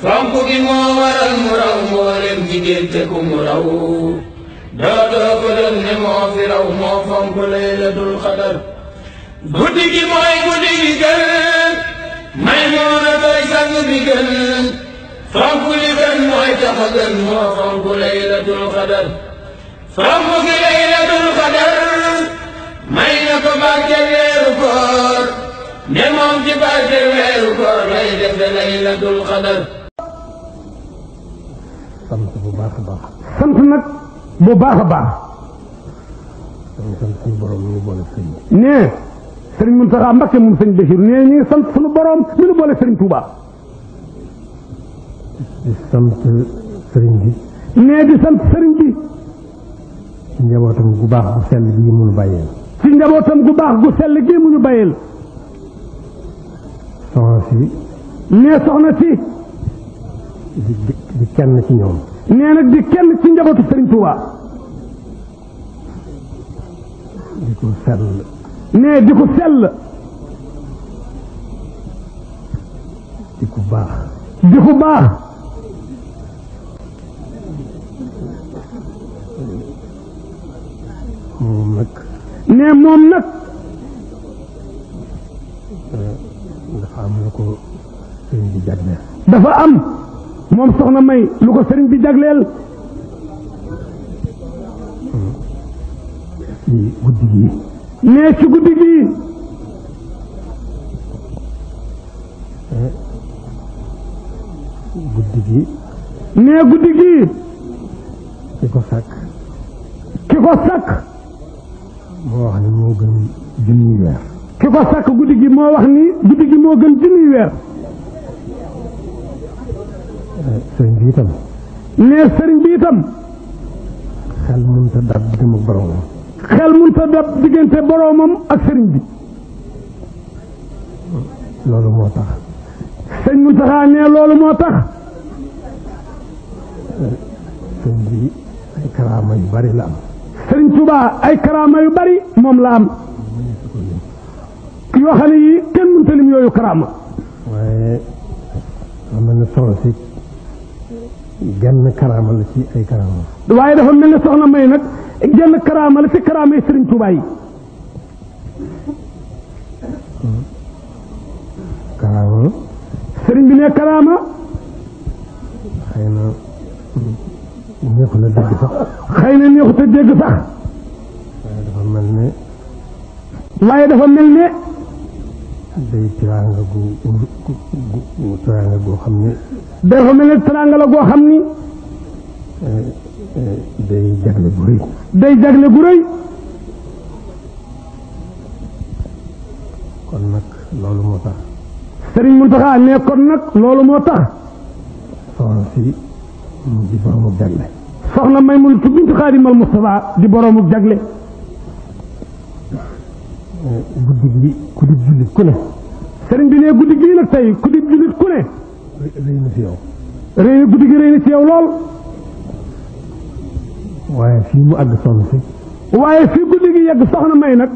fonk moo waral mu raw mboolem jigéen te ku mu raw dootoo ko doon ne moo fi raw moo fonk laylatul xadar guddi gi mooy guddi gi gën may moona koy sang bi gën fonk li gën mooy tax a may na ko barke weeru koor ne moom ci barke weeru koor lay def laylatul xadar sant bu baax a baax. sant nag bu baax a baax. ñu ngi sant suñu sëriñ bi. nee sëriñ Mountakha Mbacké moom sëriñ Bachir nee ñu ngi sant suñu borom ñu boole sëriñ Touba. bi. nee di sant sëriñ bi. ci njabootam gu baax gu sell gii mu ñu bàyyeel. ci njabootam gu baax gu sell gii mu nee soxna si. di kenn ci ñoom. nee na di kenn ci njabootu Serigne Touba. di ko sell. nee di ko sell. di ko baax. di baax. moom nag. moom nag. dafa am. moom soxna may lu ko sëriñ bi jagleel nee ci guddi gi guddi gi nee guddi gi ki ko sàkk ki ko sàkk moo wax ni moo gën junni weer ki ko sàkk guddi gi moo wax ni guddi gi moo gën junni weer sëriñ bi itam nee sëriñ bi itam xel munta dab diggam ak boroomam xel munta dab diggante boroomam ak sëriñ bi loolu moo tax sëñ mu taxaa nee loolu moo tax sëriñ bi ay karaama yu bari la am sëriñ Tuubaa ay karaama yu bari moom la am yoo xam ne yi kenn munta lim yooyu karaama waaye am na solo si genn karaama la ci ay karaama. waaye dafa mel ne soxna May nag genn karaama la ci karaama yi Serigne Touba yi. karaama. Serigne bi ne karaama. xëy na neexu la dégg sax. xëy na neexu te dégg sax. waaye dafa mel ne. waaye dafa mel ne. day teraanga goo xam ne. dafa mel ne teraanga la goo xam ni. day jagle gu rëy. day jagle gu rëy. kon nag loolu moo tax. Serigne Mountakha ne kon loolu moo tax. soxna si di boroomu jagle. soxna May mu tudd Xaadimal Mustafa di boroomu jagle. guddi gi ku di jullit ku ne sëriñ bi ne guddi gii nag tey ku di jullit ku ne rëy na ci yow rëy guddi gi rëy na ci yow lool waaye fii mu àgg sonn si waaye fii guddi gi yegg soxna may nag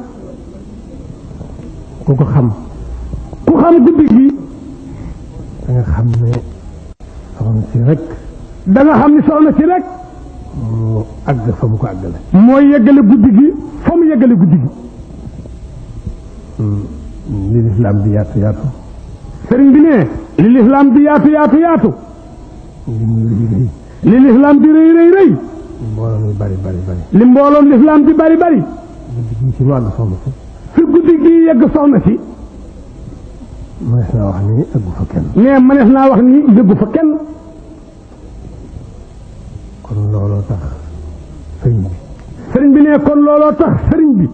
ku ko xam ku xam guddi gi da nga xam ne soxna si rek da nga xam ne soxna si rek mu àgg fa mu ko àggale mooy yeggale guddi gi fa mu yeggale guddi gi li lislaam di yaatu yaatu sëriñ bi ne li lislaam di yaatu yaatu yaatu li muy di rëy rëy li mbooloom di bari bari bari li mbooloom di bari bari guddi gii ci wàllu si fi guddi gii wax ni eggu fa kenn mais naa wax ni yëggu fa kenn kon looloo tax sëriñ bi bi ne kon looloo tax bi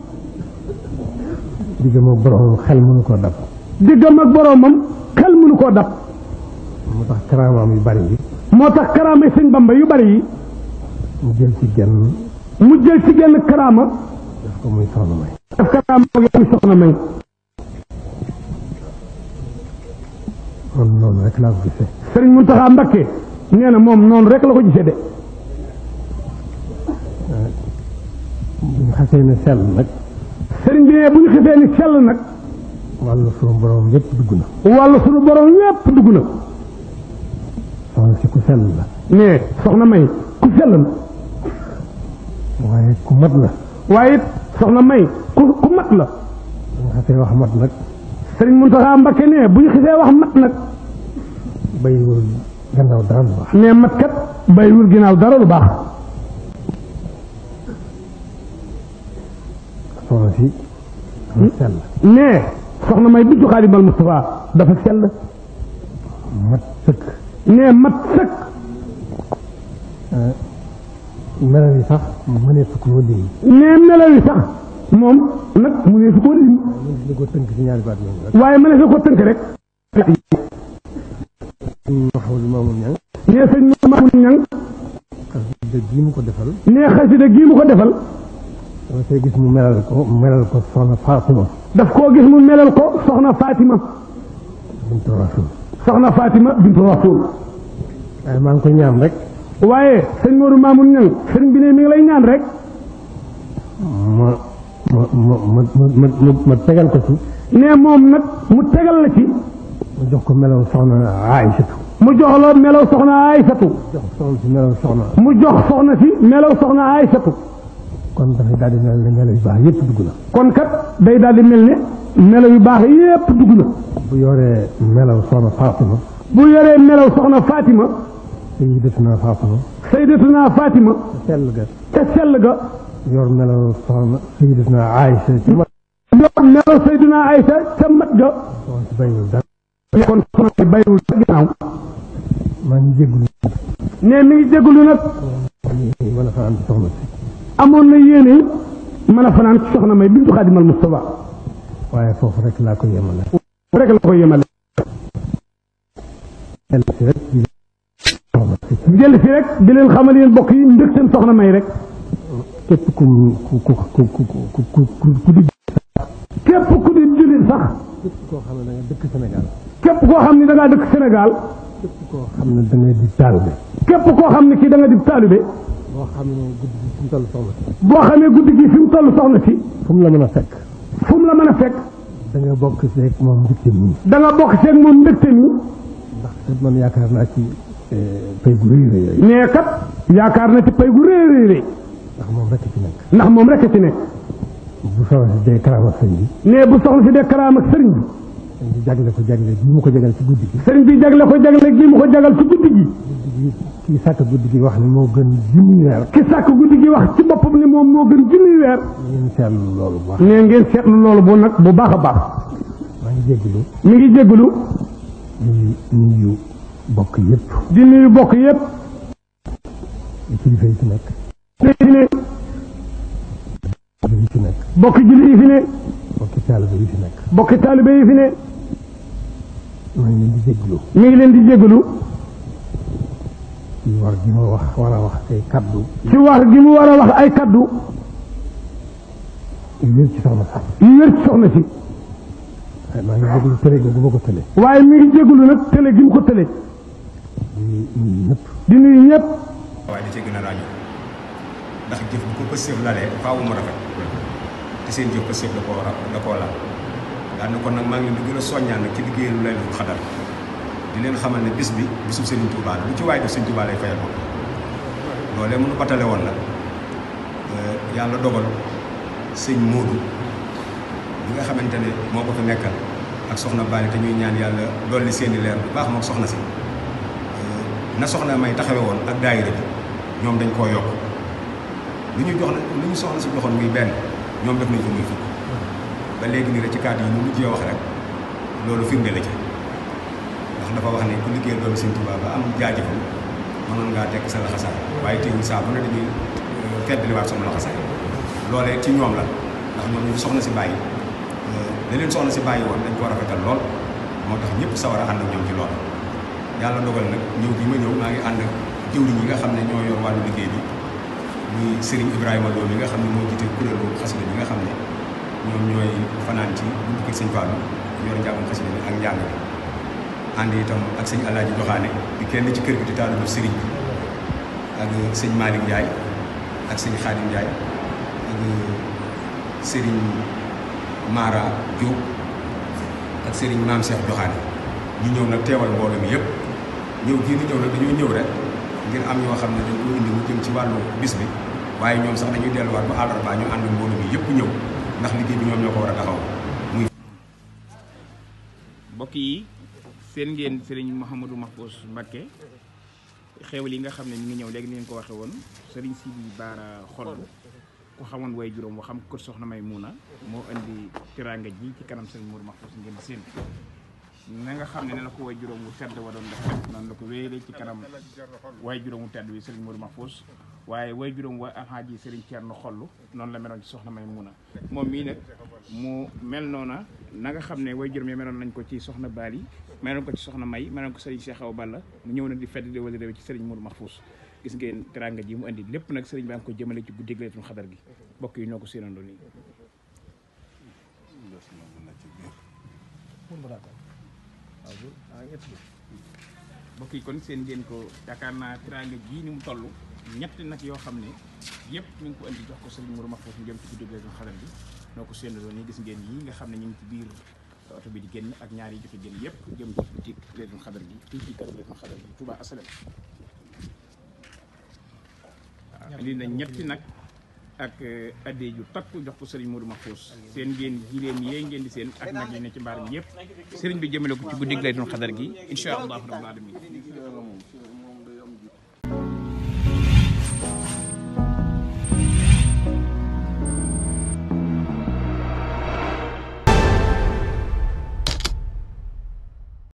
diggam ak borom xel mënu ko dab diggam ak borom mom xel mënu ko dab motax karama karaamaam yu bari yi moo tax karaama bamba yu bari yi mu jël ci genn mu jël ci genn karama daf ko muy soxna may daf karama mo ngi soxna may moom non rek la ko gisee sëriñ muntaxa mbakke neena mom non rek la ko gisse de bu ñu xasee ne sell nag sëriñ bi ne bu ñu xisee ni sell nag. wàllu sunu borom yépp dugg na. wàllu sunu borom yépp dugg na. soxna si ku sell la. mais soxna May ku sell la. waaye ku mat la. waaye it soxna May ku ku mat la. bu ñu xisee wax mat nag. bu ñu xisee wax mat nag. dara lu dara lu baax. soxna si dafa sell. mais soxna may biccu xaadimal Moustapha dafa sell. mat sëkk. mais mat sëkk. Euh, melal yi sax mëneesu koo lim. mais melal yi sax moom nag mëneesu koo lim. waaye mëneesu ko tënk rek. mais sëñ Mamadou Niang. xasida gii mu ko defal. mais xasida gii mu ko defal. dama see gis mu melal ko melal ko soxna Fatima. daf koo gis mu melal ko soxna Fatima. bintu Rasul. soxna Fatima bintu Rasul. maa ko ñaan rek. waaye sëñ Modou Mamoun Niang sëñ bi ne mi ngi lay mu tegal la ci. mu jox ko melaw soxna melaw soxna Aïsatu. mu jox soxna si kon dafay daal di mel ne melo yu baax kat day daal di mel ne melo yu baax yëpp dugg na. bu yoree melaw soxna Fatima. bu yoree melaw soxna Fatima. sayyidatuna Fatima. sayyidatuna Fatima. te sell ga. te sell ga. yor melaw soxna sayyidatuna Aïcha. yor melaw ga. kon soxna si bayiwul ca ginnaaw. maa ngi jégalu. ne mi ngi jégalu nag. amoon na yéene mën a fanaan ci soxna may bintu xaadimal Mustafa waaye foofu rek laa ko yemale rek laa ko yemale jël si rek di leen xamal yéen bokk yi ndëg seen soxna may rek képp ku ku ku ku ku ku ku di képp ku di jullit sax képp koo xam ne da nga dëkk Sénégal képp koo xam ne da ngaa dëkk Sénégal képp koo xam ne da nga di taalibe képp koo xam ne kii da nga di taalibe boo xamee guddi gi fi boo xamee guddi gi fi mu toll soxna si. fu mu la mën na fekk. fu la mën a fekk. da nga bokk seeg moom mbégte mi. da nga bokk seeg moom mbégte mi. ndax kat man yaakaar naa ci eh, pay gu rëy rëy rëy. mais kat yaakaar na ci pay gu rëy rëy moom rek ci nekk. bu soxla si dee karaam ak sëriñ bi. mais bu soxla si dee karaam ak sëriñ bi jagle ko jagle bii mu ko jagal ci guddi gi. sëriñ bi jagle ko jagle bii mu ko jagal ci guddi gi. guddi gi kii sàkk guddi gi wax ni moo gën junni weer. ki sàkk guddi gi wax ci boppam ni moom moo gën junni weer. ngeen seetlu loolu bu baax. nee ngeen seetlu loolu bu nag bu baax a baax. maa ngi jégalu. mi ngi jégalu. di nuyu bokk yëpp. di nuyu bokk yëpp. di kilifa yi fi nekk. di nuyu. bokk julli yi fi nekk. taalibe yi fi nekk. bokki taalibe yi fi ne. maa ngi leen di jégalu. mi ngi leen di jégalu. ci war gi mu wax war a wax ay kaddu. ci war gi mu war a wax ay kaddu. yu wér ci soxna si. yu wér ci soxna si. waaye ngi jégalu nag tële gi mu ko tële. di nuyu ñëpp. di nuyu ñëpp. te seen jëf parce que da koo da koo laal daan na kon nag maa ngi leen di gën a soññaan nag ci liggéey lu lay lu xadar di leen xamal ne bis bi bisu Serigne Touba la lu ci waay def Serigne Touba lay fayal moom loolee mënu batale woon nag euh, yàlla dogal sëñ Moodu bi nga xamante ne moo ko fi nekkal ak soxna Bali te ñuy ñaan yàlla dolli seeni leer bu baax moom soxna si euh, na soxna may taxawe woon ak daayira bi ñoom dañ koo yokk lu ñu jox lu ñu soxna si joxoon muy benn ñoom def nañ ko muy fukk hmm. ba léegi nii rek ci kàddu yi mu mujjee wax rek loolu firnde la ci ndax dafa wax ne ku liggéey doomu Sëñ Tuubaa ba am jaajëfal noonu ngaa tekk sa laxasaay waaye teewul saa bu ne dañuy euh, feddaliwaat sama laxasaay loolee ci ñoom la ndax ñoom ñu soxna si bàyyi da euh, leen soxna si bàyyi woon dañ koo rafetal lool moo tax ñëpp sawar a ànd ñoom ci lool yàlla dogal nag ñëw bi ma ñëw maa ngi ànd ak jëwriñ yi nga xam ne ñoo yor wàllu liggéey bi muy Serigne Ibrahima Lo mi nga xam ne moo jiite kuréel boobu xasida bi nga xam ne ñoom ñooy fanaan ci ak njàng bi ànd itam ak sëñ Alaaji Doxaane kenn ci kër gi di taalibu Serigne bi ak ak sëñ Khadim Ndiaye ak Serigne Mara Diop ak Serigne Maam Cheikh ñu ñëw nag teewal mbooloo mi yëpp ñëw gii ñu ñëw nag dañoo ñëw rek. ngir am ñoo xam ne dañ ko mu jëm ci wàllu bis bi waaye ñoom sax dañuy delluwaat ba àllarba ñu ànd mbooloo mi yëpp ñëw ndax liggéey bi ñoom ñoo ko war a taxaw muy mbokk yi seen ngeen sëriñ Mouhamadou Mahfous Mbacké xeewal li nga xam ne ñu ngi ñëw léegi ni ñu ko waxe woon sëriñ Sidi Baara Xol ku xamoon way juróom wa xam kër soxna May Muuna moo indi teraanga ji ci kanam sëriñ Mour Mahfous ngeen seen na nga xam ne ne la ko way juróom wu tedd wa doon def noonu la ko wéyale ci kanam way juróom wu tedd wi Serigne Modou Mahfous waaye way juróom wa alxaaji Serigne Thierno Xollu noonu la meloon ci soxna Maymuna moom mii nag mu mel noona na nga xam ne way juróom ya meloon nañ ko ci soxna Bali meloon ko ci soxna May meloon ko Serigne Cheikh Awa Balla mu ñëw na di fedd di wala réew ci Serigne Modou Mahfous gis ngeen teranga ji mu indi lépp nag Serigne baa ngi ko jëmale ci guddi Laylatul Qadr gi mbokk yi ñoo ko séenandoo nii waaw ah, bu ah, yi kon seen ngeen ko yaakaar naa teraanga jii ni mu toll ñetti nag yoo xam ne yëpp ñu ngi ko indi jox ko sëriñ Mourou Mahfouz mu jëm ci guddi Leylatul Qadr bi noo ko seen doon yi gis ngeen yi nga xam ne ñu ngi ci biir oto bi di génn ak ñaari yi joxe génn yëpp jëm ci boutique Leylatul Qadr bi fii ci kër Leylatul Qadr bi Touba Asalem waaw indi na ñetti nag ak eh, addee ju takku jox ko sëriñ Modou Mahfous seen ngeen jiléem yee ngeen di seen ak nag yi ne ci mi yëpp sëriñ bi jëmale ko ci guddig Laylatul Qadr gi incha allahu rabbul alamin